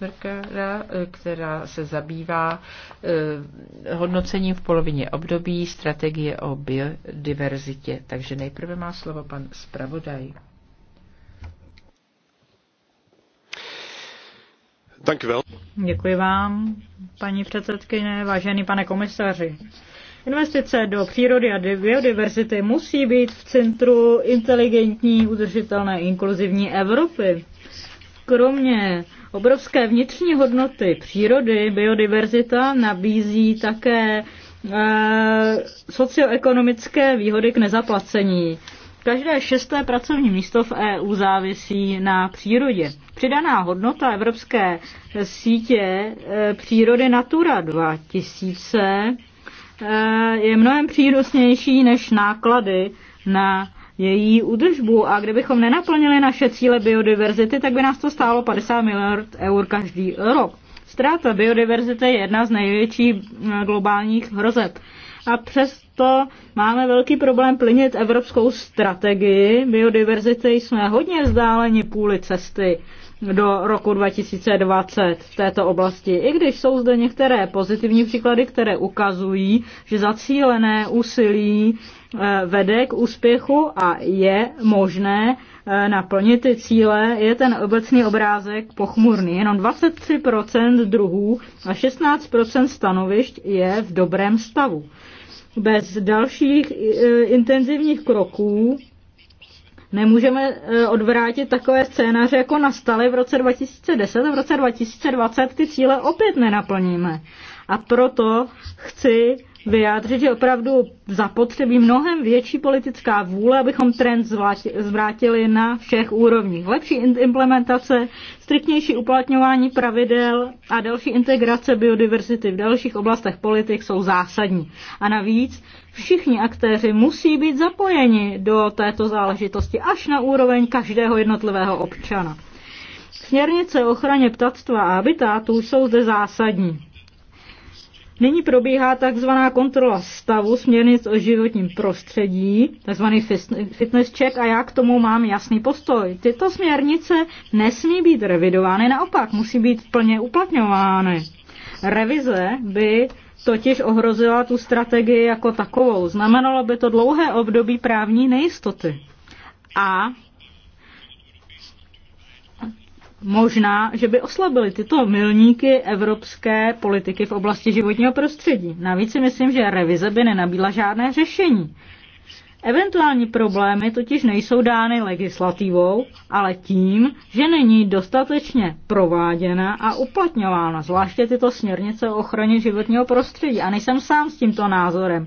Demesmerkera, eh, která se zabývá eh, hodnocením v polovině období strategie o biodiverzitě. Takže nejprve má slovo pan zpravodaj. Děkuji vám, paní předsedkyně, vážený pane komisaři. Investice do přírody a biodiverzity musí být v centru inteligentní, udržitelné, inkluzivní Evropy. Kromě Obrovské vnitřní hodnoty přírody, biodiverzita nabízí také eh, socioekonomické výhody k nezaplacení. Každé šesté pracovní místo v EU závisí na přírodě. Přidaná hodnota evropské sítě eh, přírody Natura 2000 eh, je mnohem přínosnější než náklady na její údržbu. A kdybychom nenaplnili naše cíle biodiverzity, tak by nás to stálo 50 miliard eur každý rok. Ztráta biodiverzity je jedna z největších eh, globálních hrozeb. A přesto máme velký problém plnit evropskou strategii. Biodiverzity jsme hodně vzdáleni půli cesty do roku 2020 v této oblasti. I když jsou zde některé pozitivní příklady, které ukazují, že zacílené úsilí Eh, vede k úspěchu a je možné eh, naplnit ty cíle, je ten obecný obrázek pochmurný. Jenom 23% druhů a 16% stanovišť je v dobrém stavu. Bez dalších eh, intenzivních kroků nemůžeme odvrátit takové scénáře, jako nastaly v roce 2010 a v roce 2020 ty cíle opět nenaplníme. A proto chci vyjádřit, že opravdu zapotřebí mnohem větší politická vůle, abychom trend zvrátili na všech úrovních. Lepší implementace, striktnější uplatňování pravidel a další integrace biodiverzity v dalších oblastech politik jsou zásadní. A navíc všichni aktéři musí být zapojeni do této záležitosti až na úroveň každého jednotlivého občana. Směrnice o ochraně ptactva a habitátů jsou zde zásadní. Nyní probíhá takzvaná kontrola stavu směrnic o životním prostředí, takzvaný fitness check a já k tomu mám jasný postoj. Tyto směrnice nesmí být revidovány, naopak musí být plně uplatňovány. Revize by totiž ohrozila tu strategii jako takovou. Znamenalo by to dlouhé období právní nejistoty. A možná, že by oslabily tyto milníky evropské politiky v oblasti životního prostředí. Navíc si myslím, že revize by nenabídla žádné řešení. Eventuální problémy totiž nejsou dány legislativou, ale tím, že není dostatečně prováděna a uplatňována, zvláště tyto směrnice o ochraně životního prostředí. A nejsem sám s tímto názorem.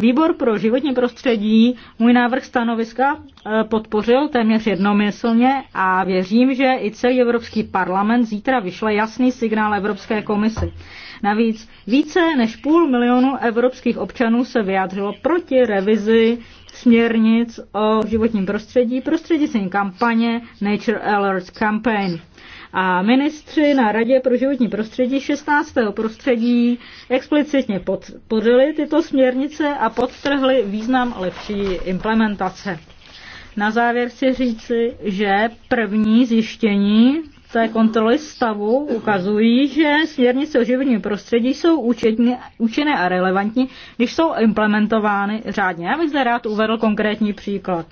Výbor pro životní prostředí můj návrh stanoviska eh, podpořil téměř jednomyslně a věřím, že i celý Evropský parlament zítra vyšle jasný signál Evropské komisi. Navíc více než půl milionu evropských občanů se vyjádřilo proti revizi směrnic o životním prostředí prostřednictvím kampaně Nature Alert Campaign. A ministři na Radě pro životní prostředí 16. prostředí explicitně podřeli tyto směrnice a podtrhli význam lepší implementace. Na závěr chci říci, že první zjištění té kontroly stavu ukazují, že směrnice o životním prostředí jsou účetně, účinné a relevantní, když jsou implementovány řádně. Já bych zde rád uvedl konkrétní příklad.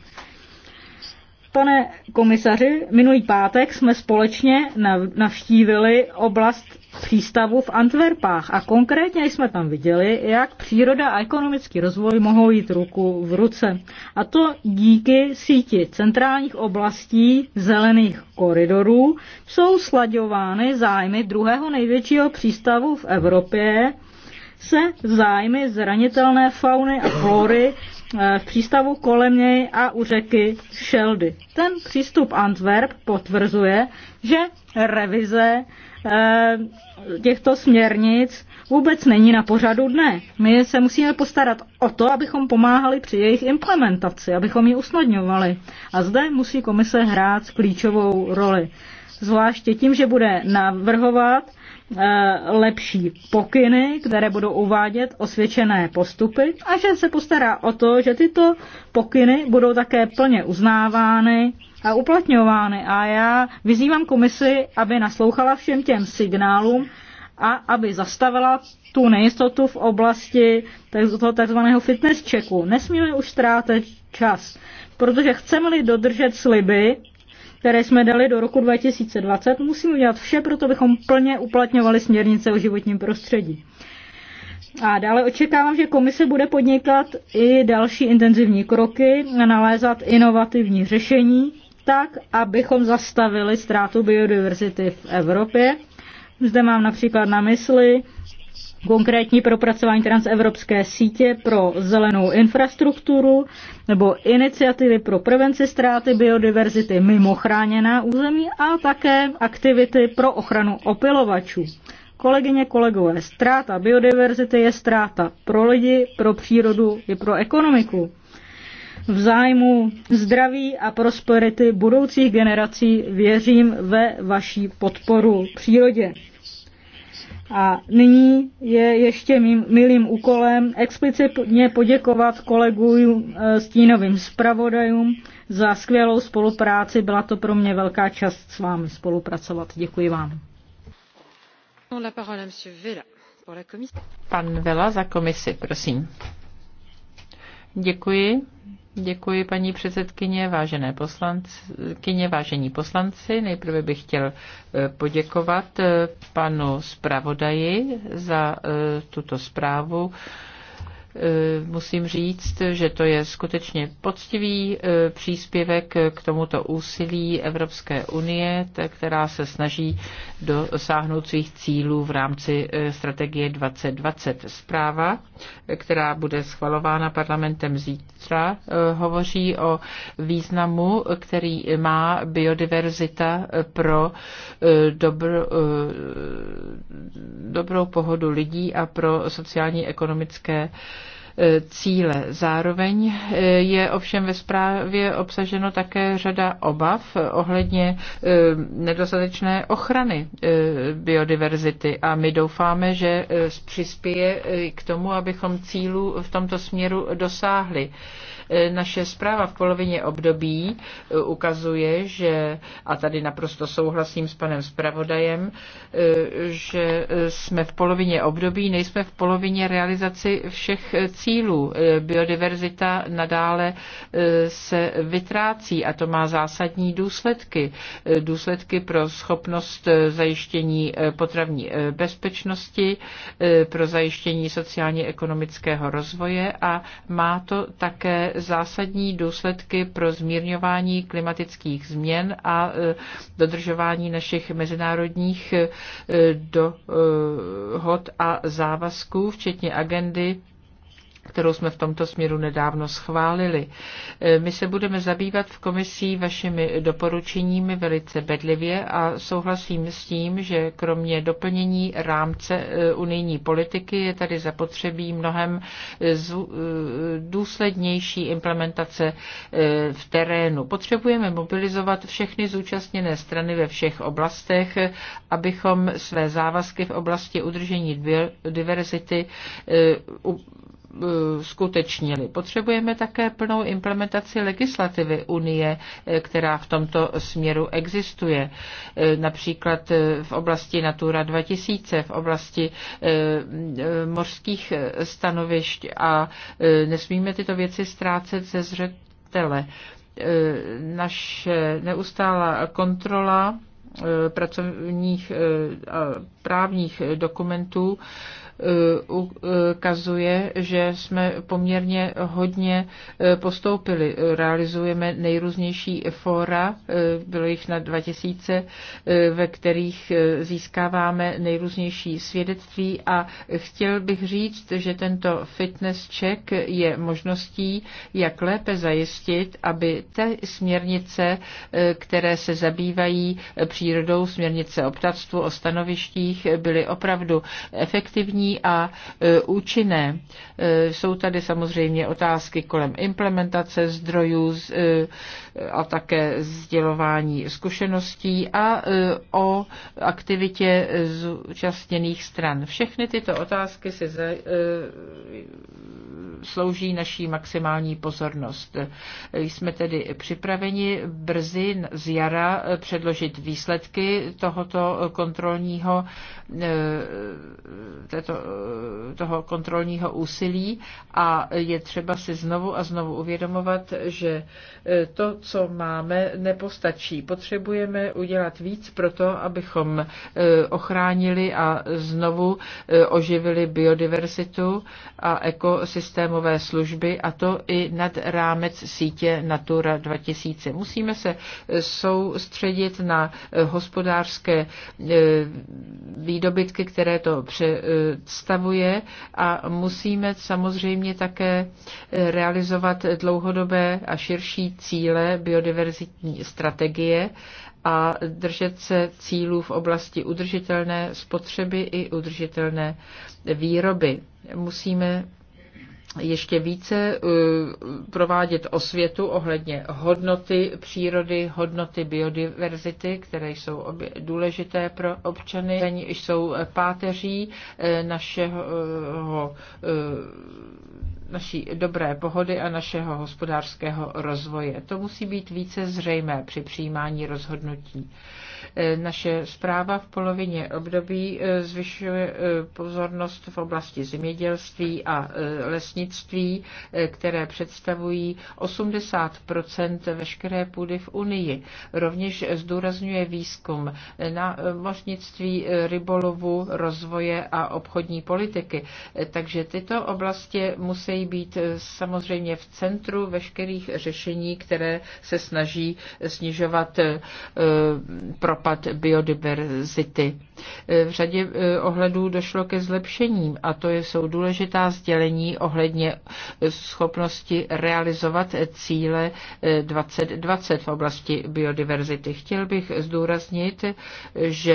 Pane komisaři, minulý pátek jsme společně navštívili oblast přístavu v Antwerpách a konkrétně jsme tam viděli, jak příroda a ekonomický rozvoj mohou jít ruku v ruce. A to díky síti centrálních oblastí zelených koridorů jsou slaďovány zájmy druhého největšího přístavu v Evropě se zájmy zranitelné fauny a flory Eh, v přístavu kolem něj a u řeky Šeldy. Ten přístup Antwerp potvrzuje, že revize eh, těchto směrnic vůbec není na pořadu dne. My se musíme postarat o to, abychom pomáhali při jejich implementaci, abychom ji usnadňovali. A zde musí komise hrát klíčovou roli. Zvláště tím, že bude navrhovat Eh, lepší pokyny, které budou uvádět osvědčené postupy a že se postará o to, že tyto pokyny budou také plně uznávány a uplatňovány. A já vyzývám komisi, aby naslouchala všem těm signálům a aby zastavila tu nejistotu v oblasti toho tzv. fitness checku. Nesmíme už ztrátit čas, protože chceme-li dodržet sliby, které jsme dali do roku 2020, musíme udělat vše, proto bychom plně uplatňovali směrnice o životním prostředí. A dále očekávám, že komise bude podnikat i další intenzivní kroky a nalézat inovativní řešení, tak, abychom zastavili ztrátu biodiverzity v Evropě. Zde mám například na mysli konkrétní propracování transevropské sítě pro zelenou infrastrukturu nebo iniciativy pro prevenci ztráty biodiverzity mimo chráněná území a také aktivity pro ochranu opilovačů. Kolegyně, kolegové, ztráta biodiverzity je ztráta pro lidi, pro přírodu i pro ekonomiku. V zájmu zdraví a prosperity budoucích generací věřím ve vaší podporu přírodě. A nyní je ještě mým milým úkolem explicitně poděkovat kolegům eh, stínovým zpravodajům za skvělou spolupráci. Byla to pro mě velká čast s vámi spolupracovat. Děkuji vám. Pan Vela za komisi, prosím. Děkuji. Děkuji, paní předsedkyně, vážené poslankyně, vážení poslanci. Nejprve bych chtěl eh, poděkovat eh, panu zpravodaji za eh, tuto zprávu. Eh, musím říct, že to je skutečně poctivý eh, příspěvek k tomuto úsilí Evropské unie, která se snaží dosáhnout svých cílů v rámci eh, strategie 2020. Zpráva, která bude schvalována parlamentem zítra, hovoří o významu, který má biodiverzita pro dobro, dobrou pohodu lidí a pro sociální ekonomické cíle. Zároveň eh, je ovšem ve zprávě obsaženo také řada obav ohledně eh, nedostatečné ochrany eh, biodiverzity a my doufáme, že přispěje k tomu, abychom cílu v tomto směru dosáhli. Eh, naše zpráva v polovině období eh, ukazuje, že, a tady naprosto souhlasím s panem zpravodajem, eh, že jsme v polovině období, nejsme v polovině realizaci všech cílů. Biodiverzita nadále se vytrácí a to má zásadní důsledky. Důsledky pro schopnost zajištění potravní bezpečnosti, pro zajištění sociálně-ekonomického rozvoje a má to také zásadní důsledky pro zmírňování klimatických změn a e, dodržování našich mezinárodních e, dohod a závazků, včetně agendy kterou jsme v tomto směru nedávno schválili. E, my se budeme zabývat v komisí vašimi doporučeními velice bedlivě a souhlasím s tím, že kromě doplnění rámce e, unijní politiky je tady zapotřebí mnohem e, důslednější implementace v terénu. Potřebujeme mobilizovat všechny zúčastněné strany ve všech oblastech, abychom své závazky v oblasti udržení diverzity uskutečnili. Eh, Potřebujeme také plnou implementaci legislativy Unie, eh, která v tomto směru existuje. Eh, například v oblasti Natura 2000, v oblasti mořských stanovišť a nesmíme tyto věci ztrácet ze zřetele. Naše neustálá kontrola pracovních a právních dokumentů Eh, ukazuje, že jsme poměrně hodně eh, postoupili. Realizujeme nejrůznější fóra, eh, bylo jich na 2000, ve kterých získáváme nejrůznější svědectví a chtěl bych říct, že tento fitness check je možností, jak lépe zajistit, aby ty směrnice, které se zabývají přírodou, směrnice o ptactvu, o stanovištích, byly opravdu efektivní efektivní a e, účinné. E, jsou tady samozřejmě otázky kolem implementace zdrojů e, a také sdělování zkušeností a o aktivitě zúčastněných stran. Všechny tyto otázky si slouží naší maximální pozornost. Jsme tedy připraveni brzy z jara předložit výsledky tohoto kontrolního, eh, této, eh, toho kontrolního úsilí a je třeba si znovu a znovu uvědomovat, že eh, to, co máme, nepostačí. Potřebujeme udělat víc pro to, abychom ochránili a znovu oživili biodiverzitu a ekosystém systémové služby a to i nad rámec sítě Natura 2000. Musíme se soustředit na hospodářské e, výdobytky, které to představuje a musíme samozřejmě také realizovat dlouhodobé a širší cíle biodiverzitní strategie a držet se cílů v oblasti udržitelné spotřeby i udržitelné výroby. Musíme ještě více eh, provádět osvětu ohledně hodnoty přírody, hodnoty biodiverzity, které jsou důležité pro občany. Oni jsou páteří eh, našeho, eh, naší dobré pohody a našeho hospodářského rozvoje. To musí být více zřejmé při přijímání rozhodnutí. Eh, naše zpráva v polovině období eh, zvyšuje eh, pozornost v oblasti zemědělství a lesnictví, které představují 80 veškeré půdy v Unii. Rovněž zdůrazňuje výzkum na mořnictví, rybolovu, rozvoje a obchodní politiky. Takže tyto oblasti musí být samozřejmě v centru veškerých řešení, které se snaží snižovat pro propad biodiverzity. V řadě eh, ohledů došlo ke zlepšením a to jsou důležitá sdělení ohledně schopnosti realizovat cíle 2020 eh, v oblasti biodiverzity. Chtěl bych zdůraznit, že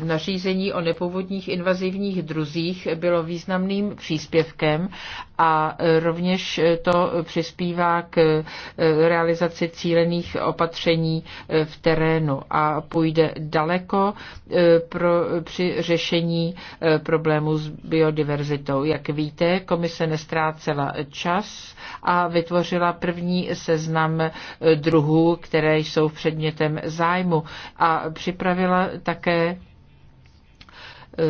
eh, nařízení o nepůvodních invazivních druzích bylo významným příspěvkem a rovněž to přispívá k eh, realizaci cílených opatření eh, v terénu a půjde daleko eh, pro, při řešení problémů s biodiverzitou. Jak víte, komise nestrácela čas a vytvořila první seznam druhů, které jsou předmětem zájmu a připravila také Eh,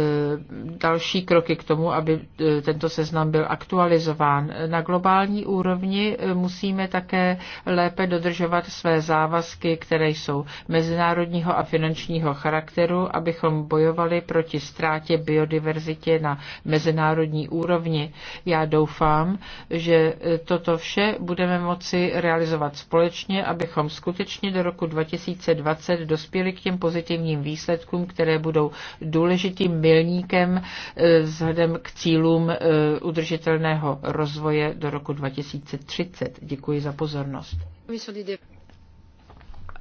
další kroky k tomu, aby eh, tento seznam byl aktualizován. Na globální úrovni eh, musíme také lépe dodržovat své závazky, které jsou mezinárodního a finančního charakteru, abychom bojovali proti ztrátě biodiverzitě na mezinárodní úrovni. Já doufám, že toto vše budeme moci realizovat společně, abychom skutečně do roku 2020 dospěli k těm pozitivním výsledkům, které budou důležitým důležitým milníkem eh, vzhledem k cílům eh, udržitelného rozvoje do roku 2030. Děkuji za pozornost.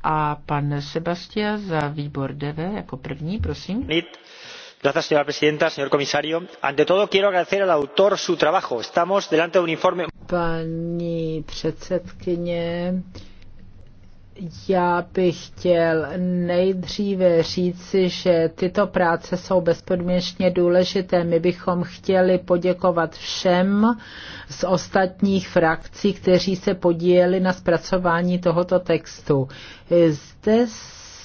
A pan Sebastia za výbor DV jako první, prosím. Señora presidenta, señor comisario, ante todo quiero agradecer al autor su trabajo. Estamos delante de un informe. Pani předsedkyně, já bych chtěl nejdříve říci, že tyto práce jsou bezpodmínečně důležité. My bychom chtěli poděkovat všem z ostatních frakcí, kteří se podíleli na zpracování tohoto textu. Zde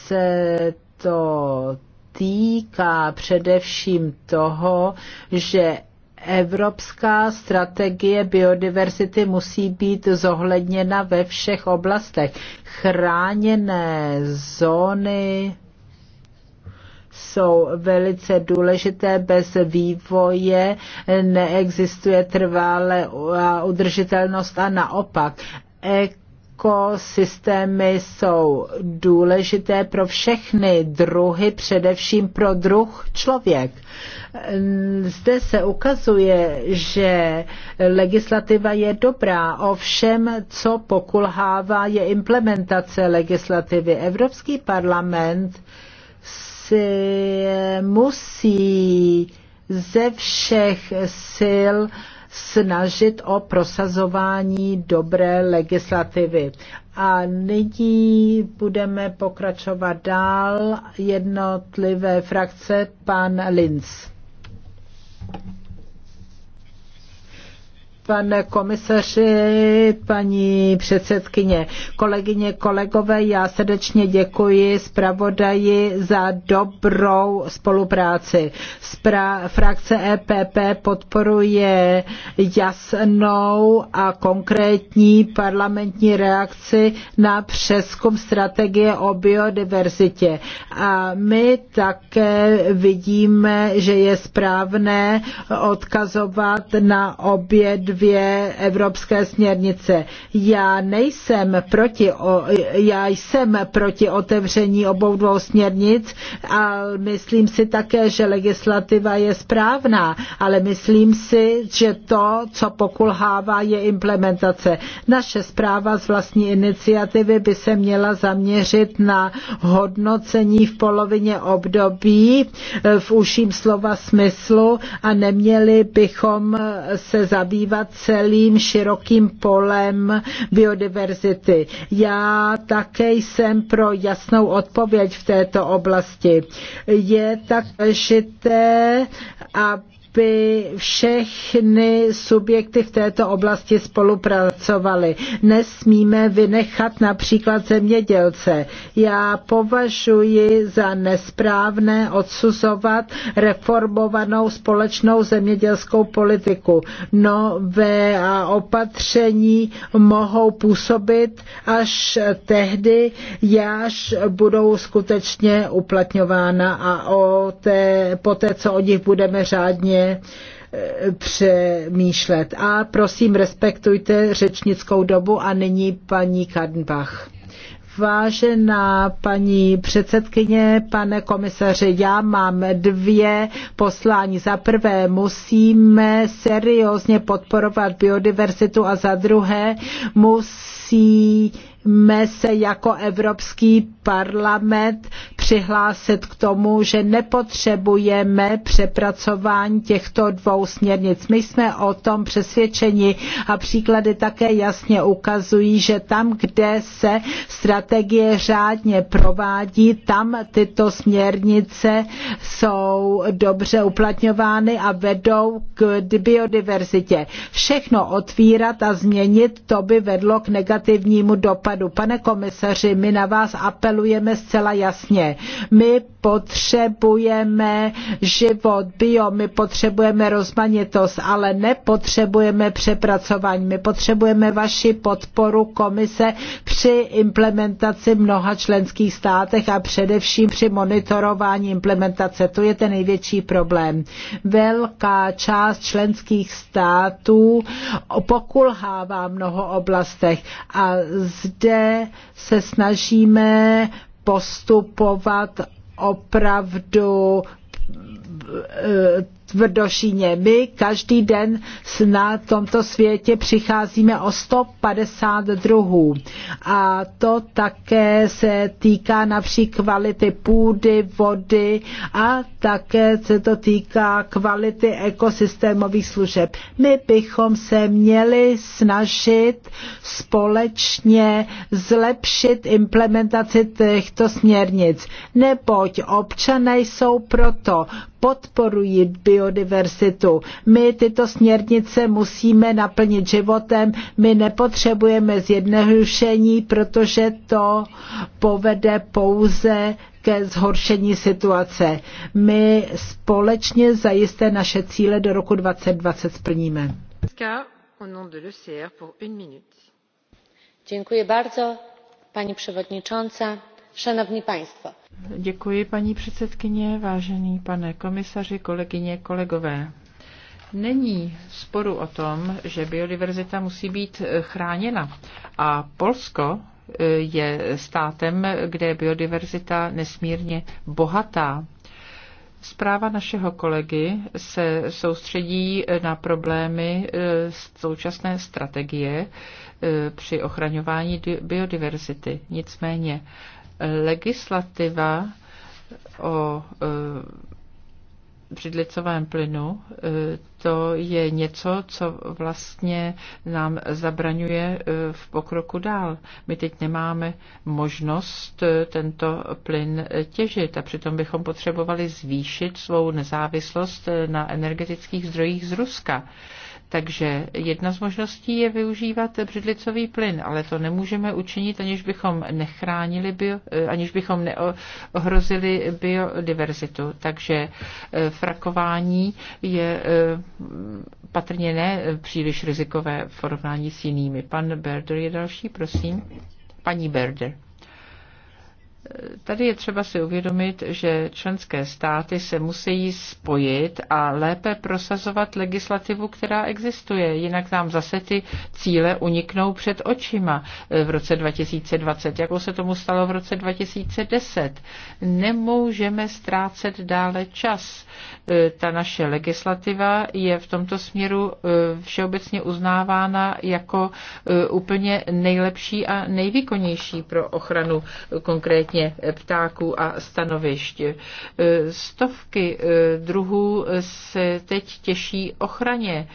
se to týká především toho, že Evropská strategie biodiverzity musí být zohledněna ve všech oblastech. Chráněné zóny jsou velice důležité. Bez vývoje neexistuje trvalá udržitelnost a naopak. Ek ekosystémy jsou důležité pro všechny druhy, především pro druh člověk. Zde se ukazuje, že legislativa je dobrá, ovšem, co pokulhává, je implementace legislativy. Evropský parlament si musí ze všech sil uh, snažit o prosazování dobré legislativy. A nyní budeme pokračovat dál jednotlivé frakce pan Linz. Pane komisaři, paní předsedkyně, kolegyně, kolegové, já srdečně děkuji zpravodaji za dobrou spolupráci. Spra- frakce EPP podporuje jasnou a konkrétní parlamentní reakci na přeskum strategie o biodiverzitě. A my také vidíme, že je správné odkazovat na obě dvě dvě evropské směrnice. Já nejsem proti, já jsem proti otevření obou dvou směrnic a myslím si také, že legislativa je správná, ale myslím si, že to, co pokulhává, je implementace. Naše zpráva z vlastní iniciativy by se měla zaměřit na hodnocení v polovině období eh, v uším slova smyslu a neměli bychom se zabývat celým širokým polem biodiverzity. Já také jsem pro jasnou odpověď v této oblasti. Je tak žité, aby aby všechny subjekty v této oblasti spolupracovaly. Nesmíme vynechat například zemědělce. Já považuji za nesprávné odsuzovat reformovanou společnou zemědělskou politiku. Nové a opatření mohou působit až tehdy, až budou skutečně uplatňována a o té, po té, co o nich budeme řádně Eh, přemýšlet. A prosím, respektujte řečnickou dobu a nyní paní Kadenbach. Vážená paní předsedkyně, pane komisaři, já mám dvě poslání. Za prvé musíme seriózně podporovat biodiverzitu a za druhé musíme se jako Evropský parlament přihlásit k tomu, že nepotřebujeme přepracování těchto dvou směrnic. My jsme o tom přesvědčeni a příklady také jasně ukazují, že tam, kde se strategie řádně provádí, tam tyto směrnice jsou dobře uplatňovány a vedou k biodiverzitě. Všechno otvírat a změnit, to by vedlo k negativnímu dopadu. Pane komisaři, my na vás apelujeme zcela jasně my potřebujeme život, bio, my potřebujeme rozmanitost, ale nepotřebujeme přepracování. My potřebujeme vaši podporu komise při implementaci mnoha členských státech a především při monitorování implementace. To je ten největší problém. Velká část členských států pokulhává v mnoho oblastech a zde se snažíme postupovat opravdu eh, tvrdošíně. My každý den na tomto světě přicházíme o 150 druhů. A to také se týká například kvality půdy, vody a také se to týká kvality ekosystémových služeb. My bychom se měli snažit společně zlepšit implementaci těchto směrnic, neboť občané jsou proto podporují bio biodiverzitu. My tyto směrnice musíme naplnit životem, my nepotřebujeme zjednodušení, protože to povede pouze ke zhoršení situace. My společně zajisté naše cíle do roku 2020 splníme. Děkuji bardzo, paní předsedající, šanovní państwo. Děkuji, paní předsedkyně, vážený pane komisaři, kolegyně, kolegové. Není sporu o tom, že biodiverzita musí být chráněna. A Polsko eh, je státem, kde je biodiverzita nesmírně bohatá. Zpráva našeho kolegy se soustředí na problémy eh, současné strategie eh, při ochraňování biodiverzity. Nicméně legislativa o eh, přidlicovém plynu, eh, to je něco, co vlastně nám zabraňuje eh, v pokroku dál. My teď nemáme možnost tento plyn těžit a přitom bychom potřebovali zvýšit svou nezávislost na energetických zdrojích z Ruska. Takže jedna z možností je využívat břidlicový plyn, ale to nemůžeme učinit, aniž bychom nechránili, bio, eh, aniž bychom neohrozili biodiverzitu. Takže eh, frakování je eh, patrně ne příliš rizikové v porovnání s jinými. Pan Berder je další, prosím. Paní Berder. Tady je třeba si uvědomit, že členské státy se musí spojit a lépe prosazovat legislativu, která existuje. Jinak nám zase ty cíle uniknou před očima v roce 2020, jako se tomu stalo v roce 2010. Nemůžeme ztrácet dále čas. E, ta naše legislativa je v tomto směru e, všeobecně uznávána jako e, úplně nejlepší a nejvýkonnější pro ochranu konkrétní včetně ptáků a stanovišť. Stovky eh, druhů se teď těší ochraně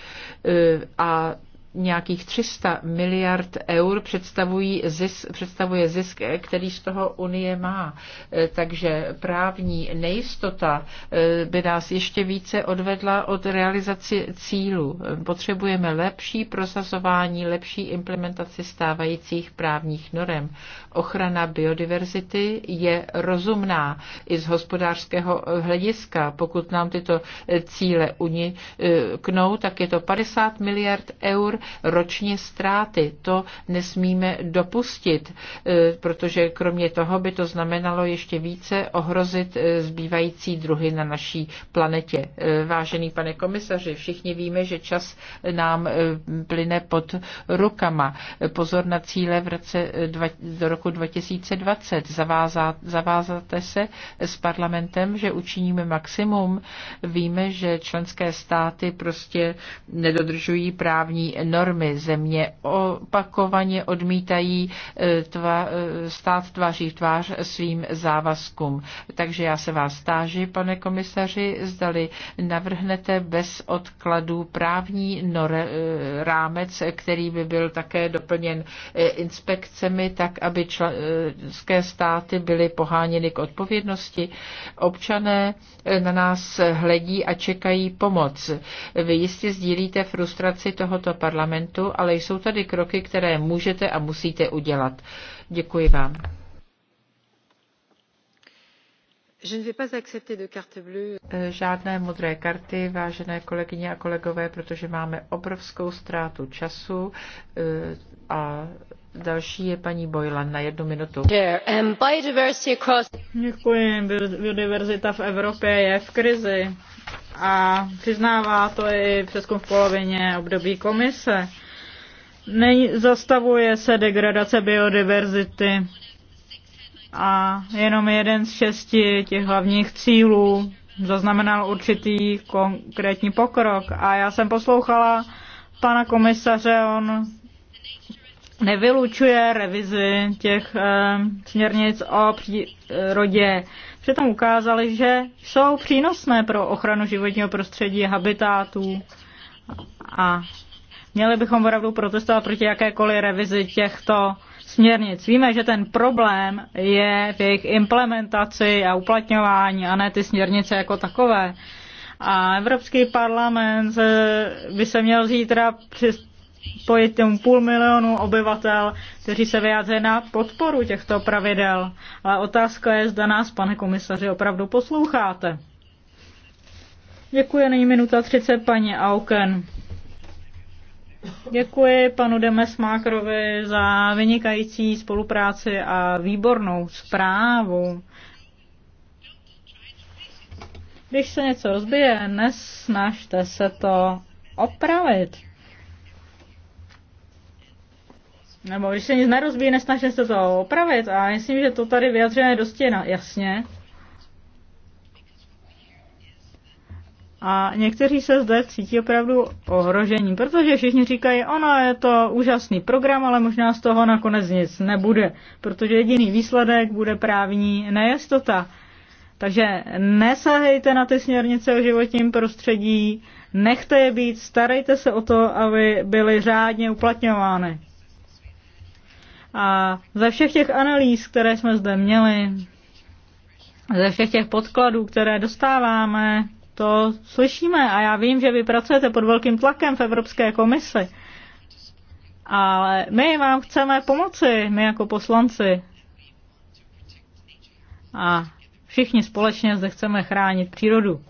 eh, a nějakých 300 miliard eur představují zis, představuje zisk, který z toho Unie má. E, takže právní nejistota e, by nás ještě více odvedla od realizaci cílu. Potřebujeme lepší prosazování, lepší implementaci stávajících právních norem. Ochrana biodiverzity je rozumná i z hospodářského hlediska. Pokud nám tyto cíle uniknou, tak je to 50 miliard eur ročně ztráty. To nesmíme dopustit, e, protože kromě toho by to znamenalo ještě více ohrozit e, zbývající druhy na naší planetě. E, vážený pane komisaři, všichni víme, že čas nám plyne pod rukama. Pozor na cíle v roce do roku 2020. Zavázá, zavázáte se s parlamentem, že učiníme maximum. Víme, že členské státy prostě nedodržují právní normy. Země opakovaně odmítají e, tva, e, stát tváří v tvář svým závazkům. Takže já se vás táži, pane komisaři, zdali navrhnete bez odkladů právní nor, e, rámec, který by byl také doplněn inspekcemi, tak aby členské státy byly poháněny k odpovědnosti. Občané na nás hledí a čekají pomoc. Vy jistě sdílíte frustraci tohoto parlamentu parlamentu, ale jsou tady kroky, které můžete a musíte udělat. Děkuji vám. Eh, žádné modré karty, vážené kolegyně a kolegové, protože máme obrovskou ztrátu času eh, a Další je paní Boylan na jednu minutu. Um, Děkuji. Biodiverzita v Evropě je v krizi a přiznává to i přeskum v polovině období komise. Nej, zastavuje se degradace biodiverzity a jenom jeden z šesti těch hlavních cílů zaznamenal určitý konkrétní pokrok. A já jsem poslouchala pana komisaře, on nevylučuje revizi těch e, směrnic o přírodě přitom ukázali, že jsou přínosné pro ochranu životního prostředí, habitátů a měli bychom opravdu protestovat proti jakékoliv revizi těchto směrnic. Víme, že ten problém je v jejich implementaci a uplatňování a ne ty směrnice jako takové. A Evropský parlament by se měl zítra to tomu půl milionu obyvatel, kteří se vyjádří na podporu těchto pravidel. Ale otázka je, zda nás, pane komisaři, opravdu posloucháte. Děkuji, není minuta 30, paní Auken. Děkuji panu Mákrovi za vynikající spolupráci a výbornou zprávu. Když se něco rozbije, nesnažte se to opravit nebo když se nic nerozbíjí, nesnažím se to opravit a myslím, že to tady vyjadřené dosti jasně. A někteří se zde cítí opravdu ohrožení, protože všichni říkají, ono je to úžasný program, ale možná z toho nakonec nic nebude, protože jediný výsledek bude právní nejistota. Takže nesahejte na ty směrnice o životním prostředí, nechte je být, starejte se o to, aby byly řádně uplatňovány. A ze všech těch analýz, které jsme zde měli, ze všech těch podkladů, které dostáváme, to slyšíme a já vím, že vy pracujete pod velkým tlakem v Evropské komisi. Ale my vám chceme pomoci, my jako poslanci. A všichni společně zde chceme chránit přírodu.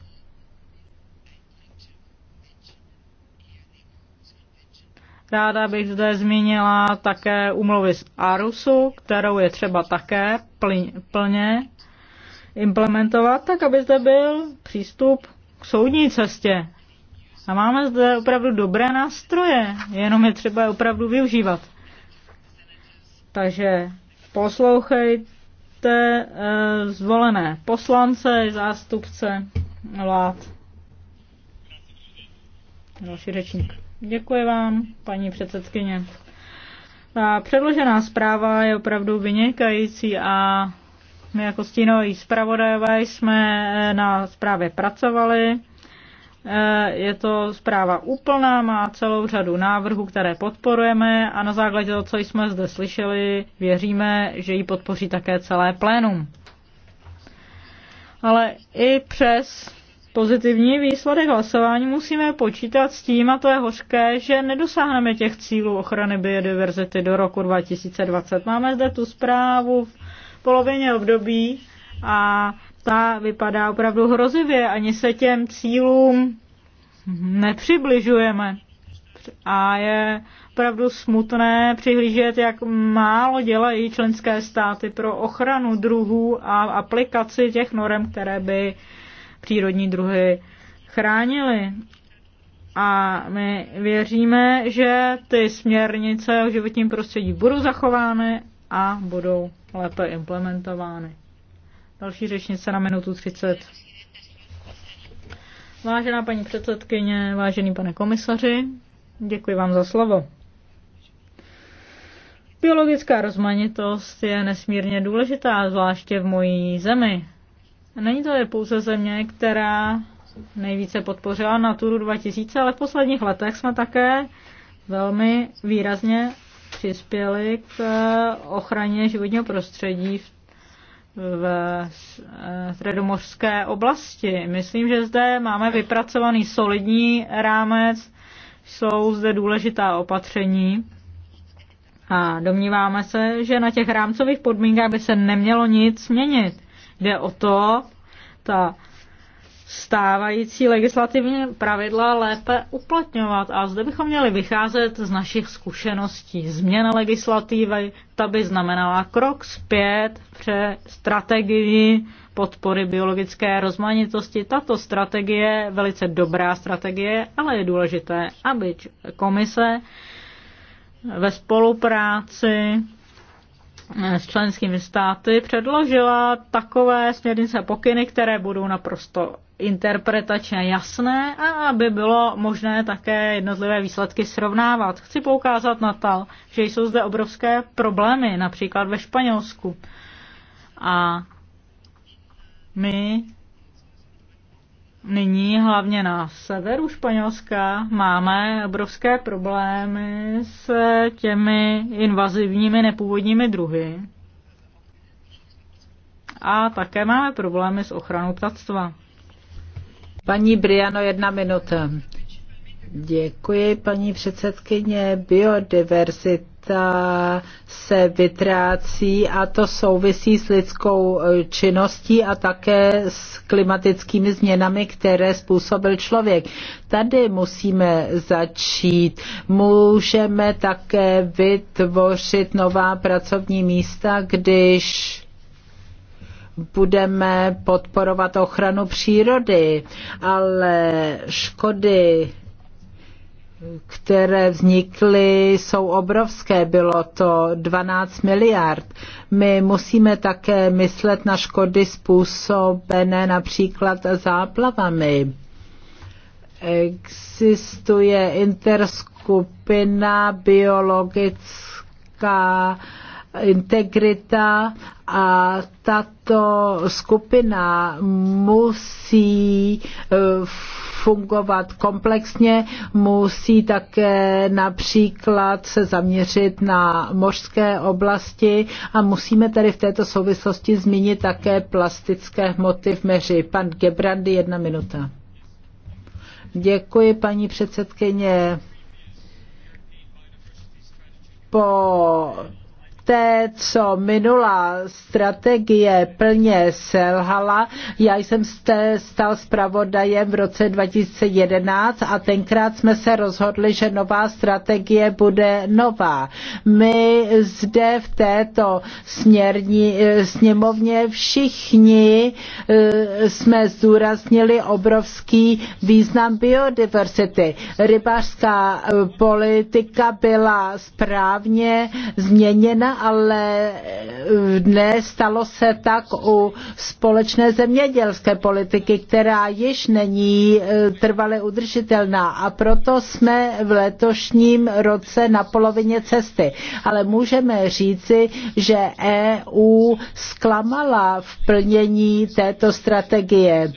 Ráda bych zde zmínila také umluvy z Arusu, kterou je třeba také plně implementovat, tak aby zde byl přístup k soudní cestě. A máme zde opravdu dobré nástroje, jenom je třeba je opravdu využívat. Takže poslouchejte e, zvolené poslance, zástupce vlád. Další řečník. Děkuji vám, paní předsedkyně. Ta předložená zpráva je opravdu vynikající a my jako stínoví zpravodajové jsme na zprávě pracovali. Eh, je to zpráva úplná, má celou řadu návrhů, které podporujeme a na základě toho, co jsme zde slyšeli, věříme, že ji podpoří také celé plénum. Ale i přes pozitivní výsledek hlasování, musíme počítat s tím, a to je hořké, že nedosáhneme těch cílů ochrany biodiverzity do roku 2020. Máme zde tu zprávu v polovině období a ta vypadá opravdu hrozivě. Ani se těm cílům nepřibližujeme. A je opravdu smutné přihlížet, jak málo dělají členské státy pro ochranu druhů a aplikaci těch norem, které by přírodní druhy chránili. A my věříme, že ty směrnice o životním prostředí budou zachovány a budou lépe implementovány. Další řečnice na minutu 30. Vážená paní předsedkyně, vážený pane komisaři, děkuji vám za slovo. Biologická rozmanitost je nesmírně důležitá, zvláště v mojí zemi. Není to je pouze země, která nejvíce podpořila Naturu 2000, ale v posledních letech jsme také velmi výrazně přispěli k eh, ochraně životního prostředí v v eh, středomořské oblasti. Myslím, že zde máme vypracovaný solidní rámec, jsou zde důležitá opatření a domníváme se, že na těch rámcových podmínkách by se nemělo nic měnit. Jde o to, ta stávající legislativní pravidla lépe uplatňovat. A zde bychom měli vycházet z našich zkušeností. Změna legislativy, ta by znamenala krok zpět pře strategii podpory biologické rozmanitosti. Tato strategie je velice dobrá strategie, ale je důležité, aby komise ve spolupráci s členskými státy předložila takové směrnice pokyny, které budou naprosto interpretačně jasné a aby bylo možné také jednotlivé výsledky srovnávat. Chci poukázat na to, že jsou zde obrovské problémy, například ve Španělsku. A my Nyní hlavně na severu Španělska máme obrovské problémy s těmi invazivními nepůvodními druhy. A také máme problémy s ochranou ptactva. Paní Briano, jedna minuta. Děkuji, paní předsedkyně. Biodiverzita místa se vytrácí a to souvisí s lidskou eh, činností a také s klimatickými změnami, které způsobil člověk. Tady musíme začít. Můžeme také vytvořit nová pracovní místa, když budeme podporovat ochranu přírody, ale škody které vznikly, jsou obrovské. Bylo to 12 miliard. My musíme také myslet na škody způsobené například záplavami. Existuje interskupina biologická integrita a tato skupina musí eh, fungovat komplexně, musí také například se zaměřit na mořské oblasti a musíme tady v této souvislosti zmínit také plastické hmoty v meři. Pan Gebrandy, jedna minuta. Děkuji, paní předsedkyně. Po Té, co minulá strategie plně selhala, já jsem stal zpravodajem v roce 2011 a tenkrát jsme se rozhodli, že nová strategie bude nová. My zde v této směrní, eh, sněmovně všichni eh, jsme zdůraznili obrovský význam biodiverzity. Rybářská eh, politika byla správně změněna ale eh, stalo se tak u společné zemědělské politiky, která již není eh, trvale udržitelná a proto jsme v letošním roce na polovině cesty. Ale můžeme říci, že EU zklamala v plnění této strategie.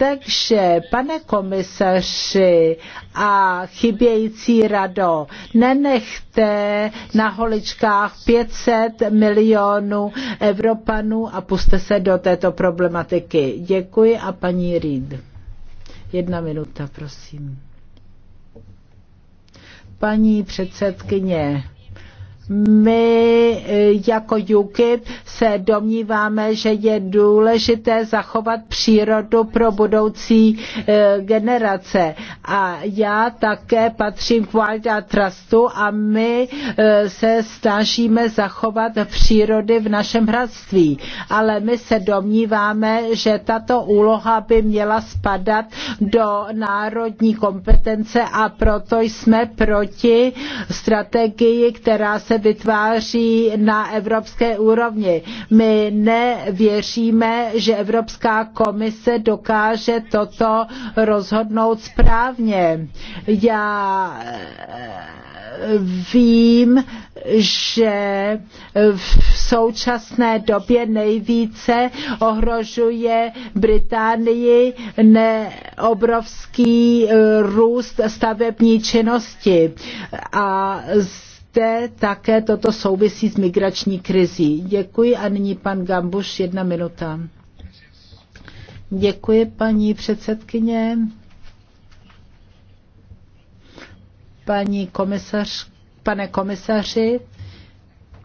Takže, pane komisaři a chybějící rado, nenechte na holičkách 500 milionů Evropanů a puste se do této problematiky. Děkuji a paní Reid. Jedna minuta, prosím. Paní předsedkyně, my jako UKIP se domníváme, že je důležité zachovat přírodu pro budoucí eh, generace. A já také patřím k Wilda Trustu a my eh, se snažíme zachovat přírody v našem hradství. Ale my se domníváme, že tato úloha by měla spadat do národní kompetence a proto jsme proti strategii, která se vytváří na evropské úrovni. My nevěříme, že Evropská komise dokáže toto rozhodnout správně. Já eh, vím, že v současné době nejvíce ohrožuje Británii neobrovský eh, růst stavební činnosti a z zde také toto souvisí s migrační krizí. Děkuji a nyní pan Gambuš, jedna minuta. Děkuji, paní předsedkyně. Paní komisař, pane komisaři,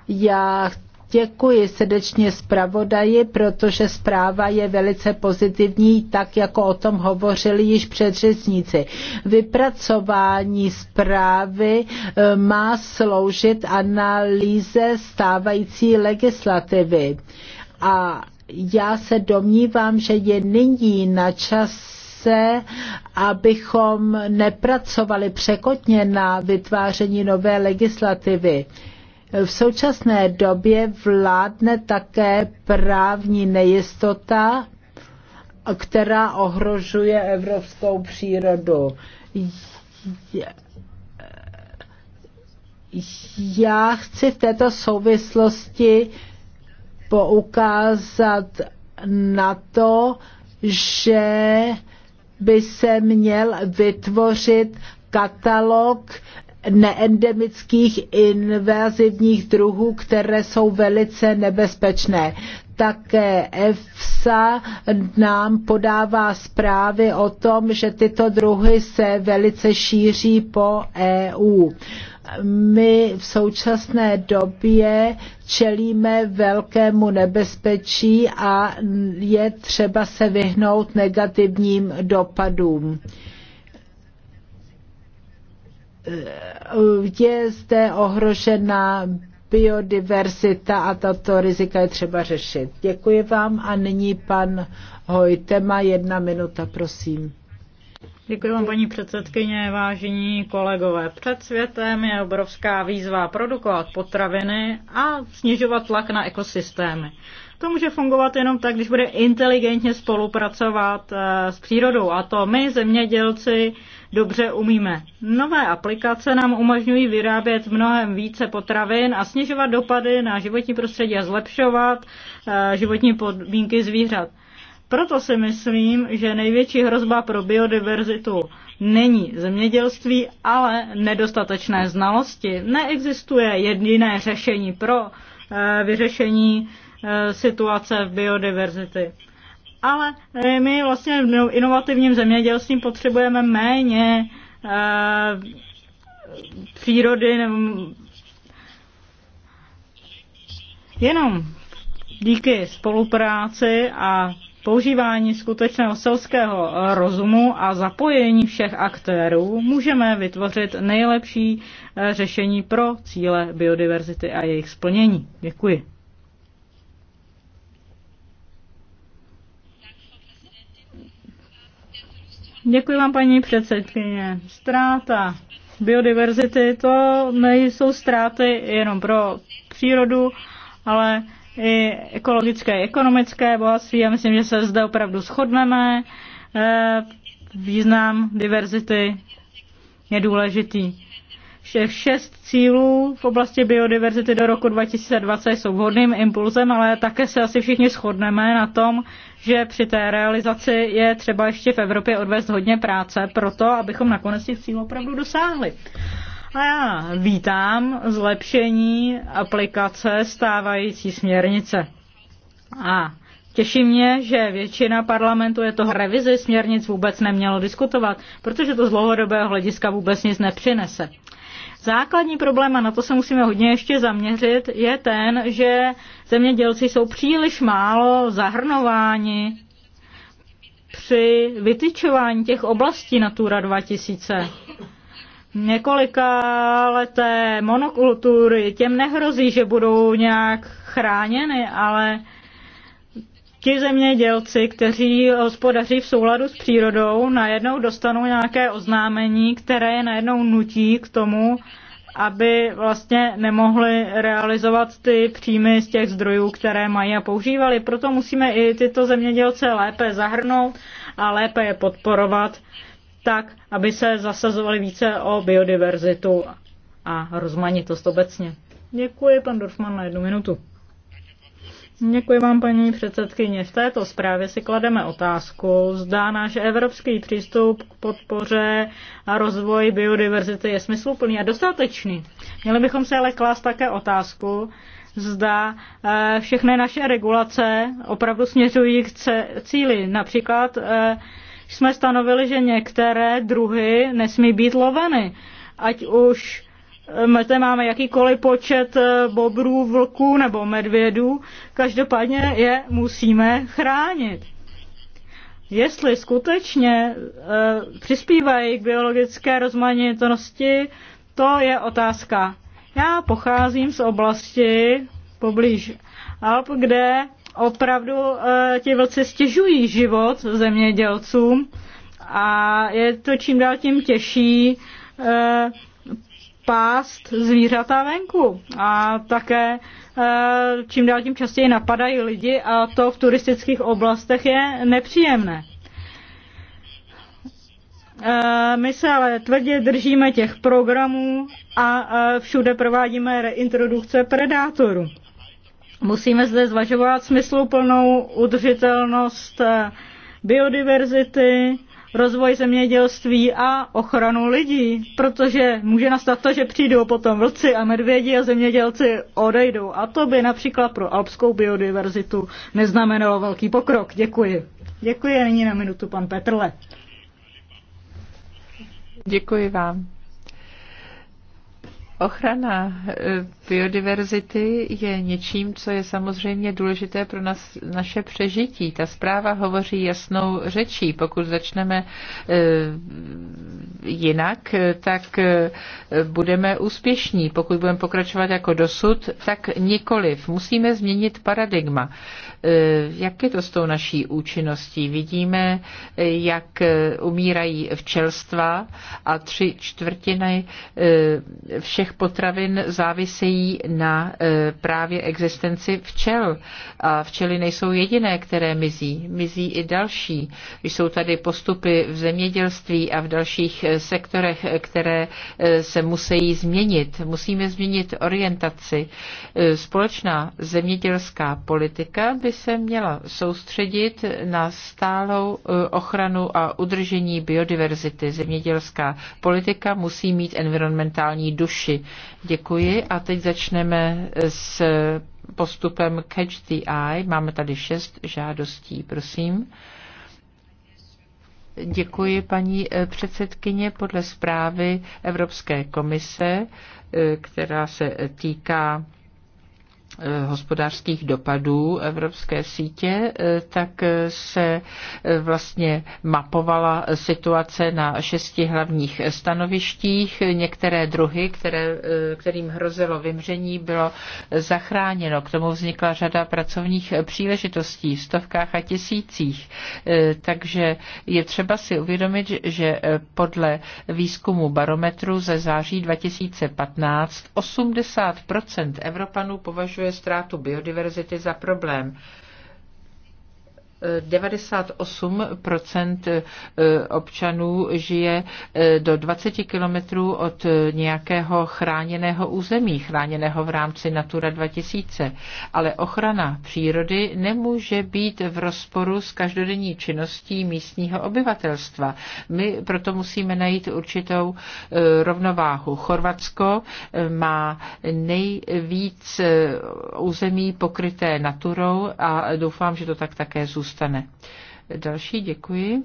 já Děkuji srdečně zpravodaji, protože zpráva je velice pozitivní, tak jako o tom hovořili již předřečníci. Vypracování zprávy eh, má sloužit analýze stávající legislativy. A já se domnívám, že je nyní na čas abychom nepracovali překotně na vytváření nové legislativy. V současné době vládne také právní nejistota, která ohrožuje evropskou přírodu. Já chci v této souvislosti poukázat na to, že by se měl vytvořit katalog neendemických invazivních druhů, které jsou velice nebezpečné také EFSA nám podává zprávy o tom, že tyto druhy se velice šíří po EU. My v současné době čelíme velkému nebezpečí a je třeba se vyhnout negativním dopadům. Eh, je zde ohrožena biodiverzita a tato rizika je třeba řešit. Děkuji vám a nyní pan Hojtema, jedna minuta, prosím. Děkuji vám, paní předsedkyně, vážení kolegové. Před světem je obrovská výzva produkovat potraviny a snižovat tlak na ekosystémy. To může fungovat jenom tak, když bude inteligentně spolupracovat eh, s přírodou. A to my, zemědělci, dobře umíme. Nové aplikace nám umožňují vyrábět mnohem více potravin a snižovat dopady na životní prostředí a zlepšovat eh, životní podmínky zvířat. Proto si myslím, že největší hrozba pro biodiverzitu není zemědělství, ale nedostatečné znalosti. Neexistuje jediné řešení pro eh, vyřešení eh, situace v biodiverzity ale eh, my vlastně v no, inovativním zemědělství potřebujeme méně uh, přírody nebo jenom díky spolupráci a používání skutečného selského rozumu a zapojení všech aktérů můžeme vytvořit nejlepší eh, řešení pro cíle biodiverzity a jejich splnění. Děkuji. Děkuji vám, paní předsedkyně. Ztráta biodiverzity to nejsou ztráty jenom pro přírodu, ale i ekologické, ekonomické bohatství. Já myslím, že se zde opravdu shodneme. Eh, význam diverzity je důležitý že šest cílů v oblasti biodiverzity do roku 2020 jsou vhodným impulzem, ale také se asi všichni shodneme na tom, že při té realizaci je třeba ještě v Evropě odvést hodně práce pro to, abychom nakonec těch cílů opravdu dosáhli. A já vítám zlepšení aplikace stávající směrnice. A Těší mě, že většina parlamentu je toho revizi směrnic vůbec nemělo diskutovat, protože to z dlouhodobého hlediska vůbec nic nepřinese. Základní problém, a na to se musíme hodně ještě zaměřit, je ten, že zemědělci jsou příliš málo zahrnováni při vytyčování těch oblastí Natura 2000. Několika leté monokultury těm nehrozí, že budou nějak chráněny, ale ti zemědělci, kteří hospodaří v souladu s přírodou, najednou dostanou nějaké oznámení, které je najednou nutí k tomu, aby vlastně nemohli realizovat ty příjmy z těch zdrojů, které mají a používali. Proto musíme i tyto zemědělce lépe zahrnout a lépe je podporovat tak, aby se zasazovali více o biodiverzitu a rozmanitost obecně. Děkuji, pan Dorfman, na jednu minutu. Děkuji vám, paní předsedkyně. V této zprávě si klademe otázku, zdá náš evropský přístup k podpoře a rozvoji biodiverzity je smysluplný a dostatečný. Měli bychom si ale klást také otázku, zda eh, všechny naše regulace opravdu směřují k cíli. Například eh, jsme stanovili, že některé druhy nesmí být loveny, ať už Ehm, zde máme jakýkoliv počet eh, bobrů, vlků nebo medvědů, každopádně je musíme chránit. Jestli skutečně eh, přispívají k biologické rozmanitosti, to je otázka. Já pocházím z oblasti poblíž Alp, kde opravdu uh, ti vlci stěžují život zemědělcům a je to čím dál tím těžší Uh, pást zvířata venku. A také eh, čím dál tím častěji napadají lidi a to v turistických oblastech je nepříjemné. Eh, my se ale tvrdě držíme těch programů a eh, všude provádíme reintrodukce predátorů. Musíme zde zvažovat smysluplnou udržitelnost biodiverzity, rozvoj zemědělství a ochranu lidí, protože může nastat to, že přijdou potom vlci a medvědi a zemědělci odejdou. A to by například pro alpskou biodiverzitu neznamenalo velký pokrok. Děkuji. Děkuji, nyní na minutu pan Petrle. Děkuji vám. Ochrana e, biodiverzity je něčím, co je samozřejmě důležité pro nas, naše přežití. Ta zpráva hovoří jasnou řečí. Pokud začneme e, jinak, e, tak budeme úspěšní. Pokud budeme pokračovat jako dosud, tak nikoliv. Musíme změnit paradigma. Eh, jak je to s tou naší účinností? Vidíme, eh, jak eh, umírají včelstva a tři čtvrtiny všech potravin závisejí na právě existenci včel. A včely nejsou jediné, které mizí. Mizí i další. Jsou tady postupy v zemědělství a v dalších sektorech, které se musí změnit. Musíme změnit orientaci. Společná zemědělská politika by se měla soustředit na stálou eh, ochranu a udržení biodiverzity. Zemědělská politika musí mít environmentální duši. Děkuji a teď začneme s postupem Catch the Eye. Máme tady šest žádostí, prosím. Děkuji, paní eh, předsedkyně. Podle zprávy Evropské komise, eh, která se týká Eh, hospodářských dopadů evropské sítě, eh, tak eh, se vlastně mapovala situace na šesti hlavních stanovištích. Některé druhy, které, kterým hrozilo vymření, bylo zachráněno. K tomu vznikla řada pracovních příležitostí v stovkách a tisících. Takže je třeba si uvědomit, že podle výzkumu barometru ze září 2015 80 Evropanů považuje považuje ztrátu biodiverzity za problém. 98% občanů žije eh, do 20 kilometrů od nějakého chráněného území, chráněného v rámci Natura 2000. Ale ochrana přírody nemůže být v rozporu s každodenní činností místního obyvatelstva. My proto musíme najít určitou eh, rovnováhu. Chorvatsko eh, má nejvíc území pokryté naturou a doufám, že to tak také zůstane dostane. Další děkuji.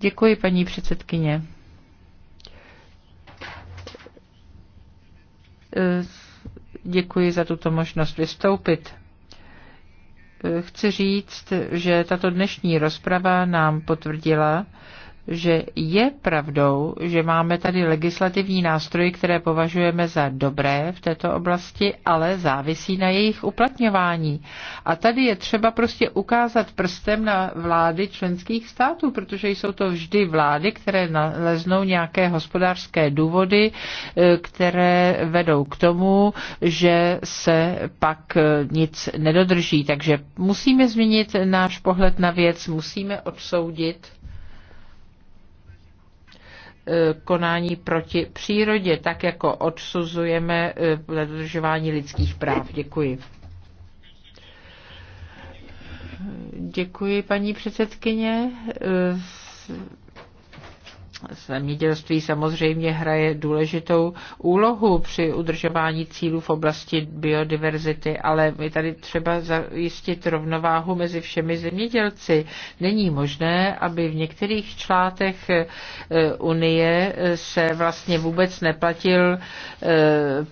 Děkuji, paní předsedkyně. Děkuji za tuto možnost vystoupit. Chci říct, že tato dnešní rozprava nám potvrdila, že je pravdou, že máme tady legislativní nástroje, které považujeme za dobré v této oblasti, ale závisí na jejich uplatňování. A tady je třeba prostě ukázat prstem na vlády členských států, protože jsou to vždy vlády, které naleznou nějaké hospodářské důvody, eh, které vedou k tomu, že se pak eh, nic nedodrží. Takže musíme změnit náš pohled na věc, musíme odsoudit E, konání proti přírodě, tak jako odsuzujeme e, dodržování lidských práv. Děkuji. Děkuji, paní předsedkyně. E, Zemědělství samozřejmě hraje důležitou úlohu při udržování cílů v oblasti biodiverzity, ale my tady třeba zajistit rovnováhu mezi všemi zemědělci. Není možné, aby v některých člátech eh, Unie eh, se vlastně vůbec neplatil, eh,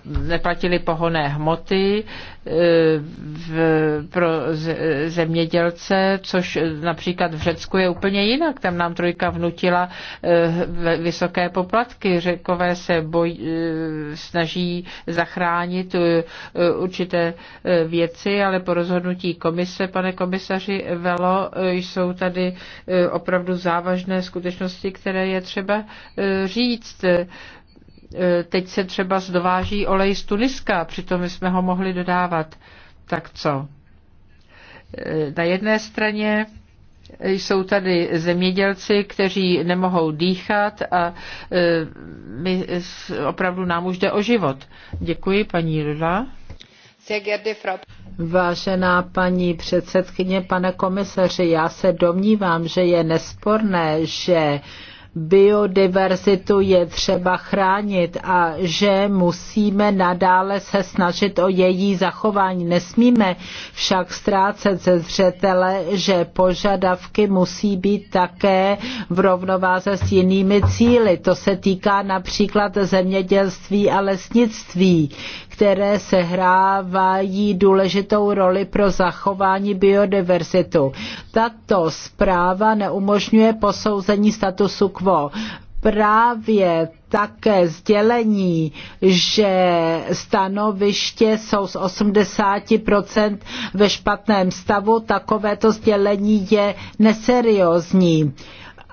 neplatili pohonné hmoty v, pro zemědělce, což například v Řecku je úplně jinak. Tam nám trojka vnutila vysoké poplatky. Řekové se boj, eh, snaží zachránit eh, eh, určité věci, ale po rozhodnutí komise, pane komisaři Velo, jsou tady opravdu závažné skutečnosti, které je třeba říct teď se třeba zdováží olej z Tuniska, přitom jsme ho mohli dodávat. Tak co? Na jedné straně jsou tady zemědělci, kteří nemohou dýchat a e, my, opravdu nám už jde o život. Děkuji, paní Lula. Vážená paní předsedkyně, pane komisaři, já se domnívám, že je nesporné, že biodiverzitu je třeba chránit a že musíme nadále se snažit o její zachování. Nesmíme však ztrácet ze zřetele, že požadavky musí být také v rovnováze s jinými cíly. To se týká například zemědělství a lesnictví které sehrávají důležitou roli pro zachování biodiverzitu. Tato zpráva neumožňuje posouzení statusu quo právě také sdělení, že stanoviště jsou z 80% ve špatném stavu, takovéto sdělení je neseriózní.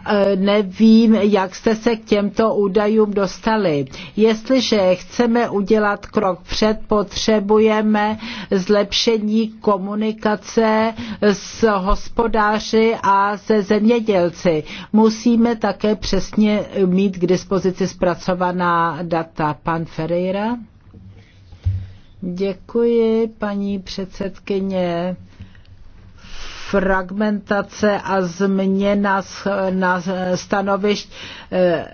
Eh, nevím, jak jste se k těmto údajům dostali. Jestliže chceme udělat krok před, potřebujeme zlepšení komunikace s hospodáři a se zemědělci. Musíme také přesně mít k dispozici zpracovaná data. Pan Ferreira? Děkuji, paní předsedkyně fragmentace a změna na stanovišť eh,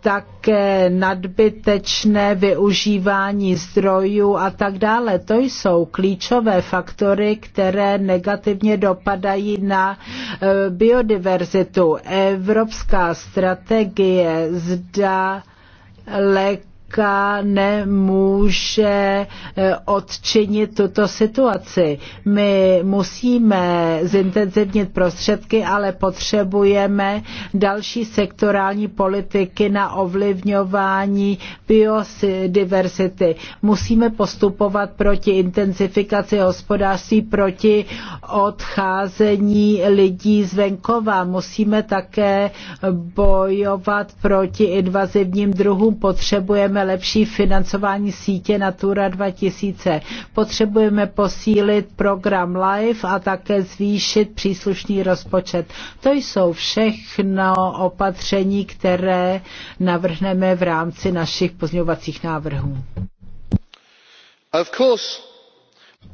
také nadbytečné využívání zdrojů a tak dále. To jsou klíčové faktory, které negativně dopadají na eh, biodiverzitu. Evropská strategie zda lek politika nemůže eh, odčinit tuto situaci. My musíme zintenzivnit prostředky, ale potřebujeme další sektorální politiky na ovlivňování biodiverzity. Musíme postupovat proti intenzifikaci hospodářství, proti odcházení lidí z venkova. Musíme také bojovat proti invazivním druhům. Potřebujeme lepší financování sítě Natura 2000. Potřebujeme posílit program LIFE a také zvýšit příslušný rozpočet. To jsou všechno opatření, které navrhneme v rámci našich pozměňovacích návrhů.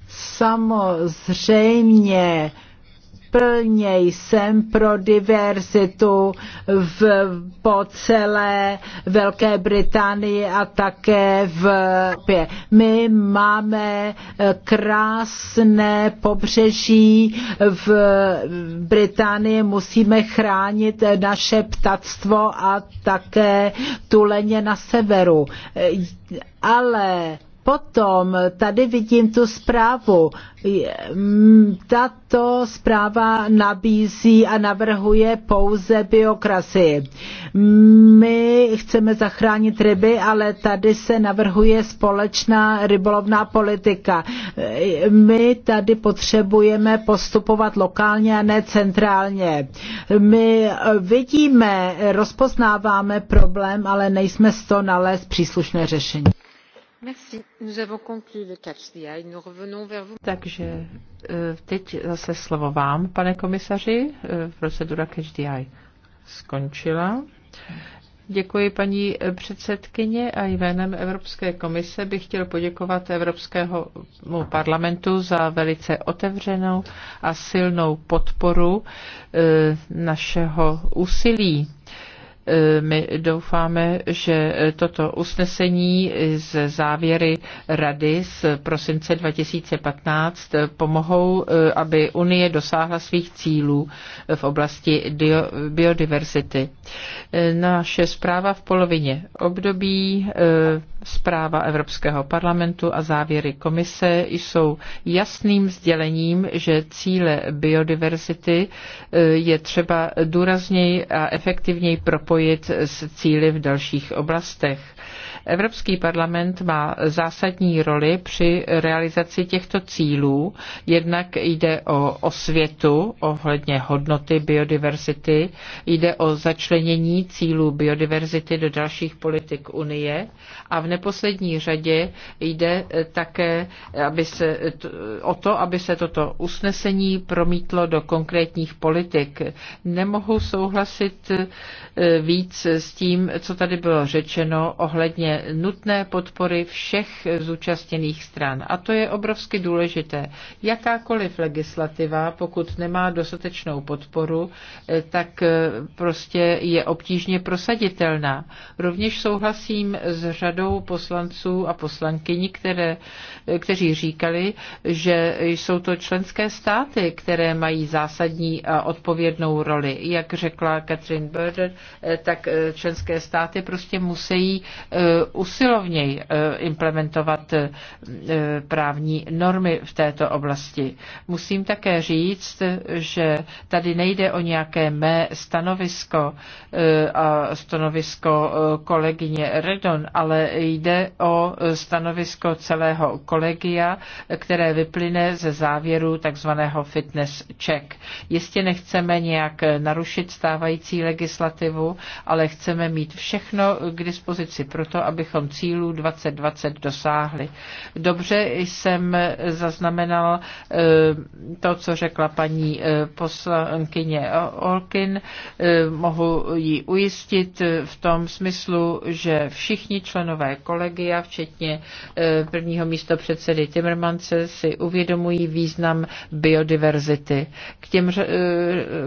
Samozřejmě plně jsem pro diverzitu v, po celé Velké Británii a také v Evropě. My máme eh, krásné pobřeží v Británii, musíme chránit eh, naše ptactvo a také tuleně na severu. Eh, ale Potom tady vidím tu zprávu. Mm, tato zpráva nabízí a navrhuje pouze biokrasy. My chceme zachránit ryby, ale tady se navrhuje společná rybolovná politika. My tady potřebujeme postupovat lokálně a ne centrálně. My vidíme, rozpoznáváme problém, ale nejsme z toho nalézt příslušné řešení. Takže eh, teď zase slovo vám, pane komisaři. Eh, procedura Catch the Eye skončila. Děkuji paní předsedkyně a jménem Evropské komise bych chtěl poděkovat Evropskému parlamentu za velice otevřenou a silnou podporu eh, našeho úsilí my doufáme, že toto usnesení z závěry Rady z prosince 2015 pomohou, eh, aby Unie dosáhla svých cílů v oblasti biodiverzity. Eh, naše zpráva v polovině období, eh, zpráva Evropského parlamentu a závěry komise jsou jasným sdělením, že cíle biodiverzity je třeba důrazněji a efektivněji propojit spojit s cíly v dalších oblastech. Evropský parlament má zásadní roli při realizaci těchto cílů. Jednak jde o osvětu ohledně hodnoty biodiverzity, jde o začlenění cílů biodiverzity do dalších politik Unie a v neposlední řadě jde také aby se, o to, aby se toto usnesení promítlo do konkrétních politik. Nemohu souhlasit eh, víc s tím, co tady bylo řečeno ohledně nutné podpory všech zúčastněných stran. A to je obrovsky důležité. Jakákoliv legislativa, pokud nemá dostatečnou podporu, eh, tak eh, prostě je obtížně prosaditelná. Rovněž souhlasím s řadou poslanců a poslankyní, které, eh, kteří říkali, že jsou to členské státy, které mají zásadní a odpovědnou roli. Jak řekla Catherine Burden, tak eh, členské státy prostě musí eh, usilovněji eh, implementovat právní normy v této oblasti. Musím také říct, že tady nejde o nějaké mé stanovisko a stanovisko kolegyně Redon, ale jde o stanovisko celého kolegia, které vyplyne ze závěru takzvaného fitness check. Jistě nechceme nějak narušit stávající legislativu, ale chceme mít všechno k dispozici pro to, abychom cílů 2020 dosáhli. Dobře jsem zaznamenal eh, to, co řekla paní eh, poslankyně Olkin. Eh, mohu ji ujistit v tom smyslu, že všichni členové kolegia, včetně prvního místo předsedy Timmermance, si uvědomují význam biodiverzity. K, těm,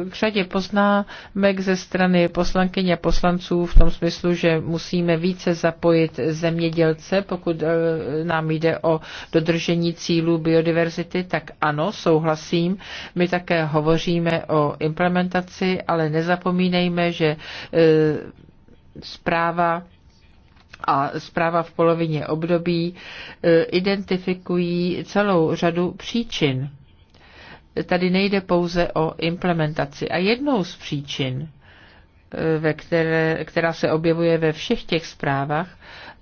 k řadě poznámek ze strany poslankyně poslankyně a poslanců v tom smyslu, že musíme více zapojit zemědělce, pokud eh, nám jde o dodržení cílů biodiverzity, tak ano, souhlasím. My také hovoříme o implementaci, ale nezapomínejme, že eh, zpráva a zpráva v polovině období eh, identifikují celou řadu příčin. Tady nejde pouze o implementaci. A jednou z příčin ve které, která se objevuje ve všech těch zprávách,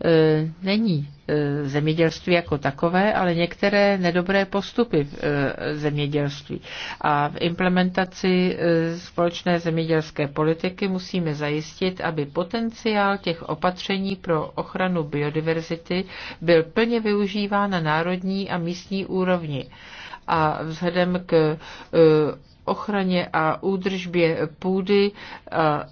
e, není e, zemědělství jako takové, ale některé nedobré postupy v e, zemědělství. A v implementaci společné zemědělské politiky musíme zajistit, aby potenciál těch opatření pro ochranu biodiverzity byl plně využíván na národní a místní úrovni. A vzhledem k ochraně a údržbě půdy a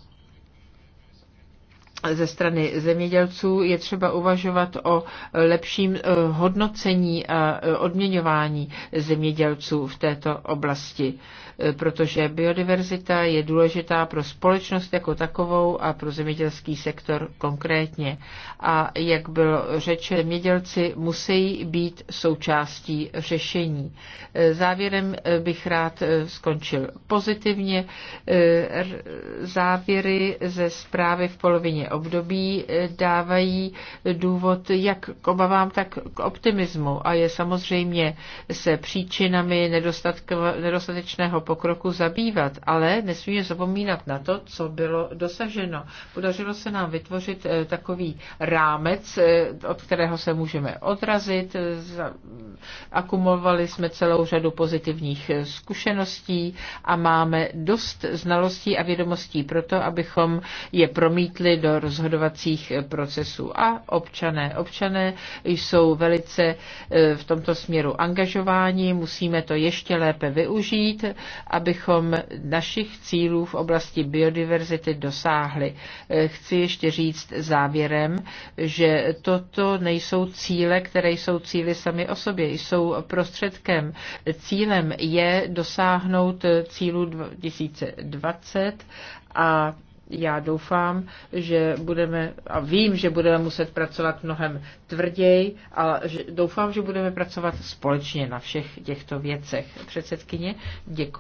ze strany zemědělců je třeba uvažovat o lepším eh, hodnocení a eh, odměňování zemědělců v této oblasti, eh, protože biodiverzita je důležitá pro společnost jako takovou a pro zemědělský sektor konkrétně. A jak bylo řečeno, zemědělci musí být součástí řešení. Závěrem bych rád skončil pozitivně. Závěry ze zprávy v polovině období eh, dávají důvod jak k obavám, tak k optimismu a je samozřejmě se příčinami nedostatečného pokroku zabývat, ale nesmíme zapomínat na to, co bylo dosaženo. Podařilo se nám vytvořit eh, takový rámec, eh, od kterého se můžeme odrazit, akumulovali jsme celou řadu pozitivních zkušeností a máme dost znalostí a vědomostí pro to, abychom je promítli do rozhodovacích procesů. A občané, občané jsou velice e, v tomto směru angažováni, musíme to ještě lépe využít, abychom našich cílů v oblasti biodiverzity dosáhli. E, chci ještě říct závěrem, že toto nejsou cíle, které jsou cíly sami o sobě, jsou prostředkem. Cílem je dosáhnout cílu 2020 a já doufám, že budeme, a vím, že budeme muset pracovat mnohem tvrději, ale doufám, že budeme pracovat společně na všech těchto věcech. Předsedkyně, děkuji.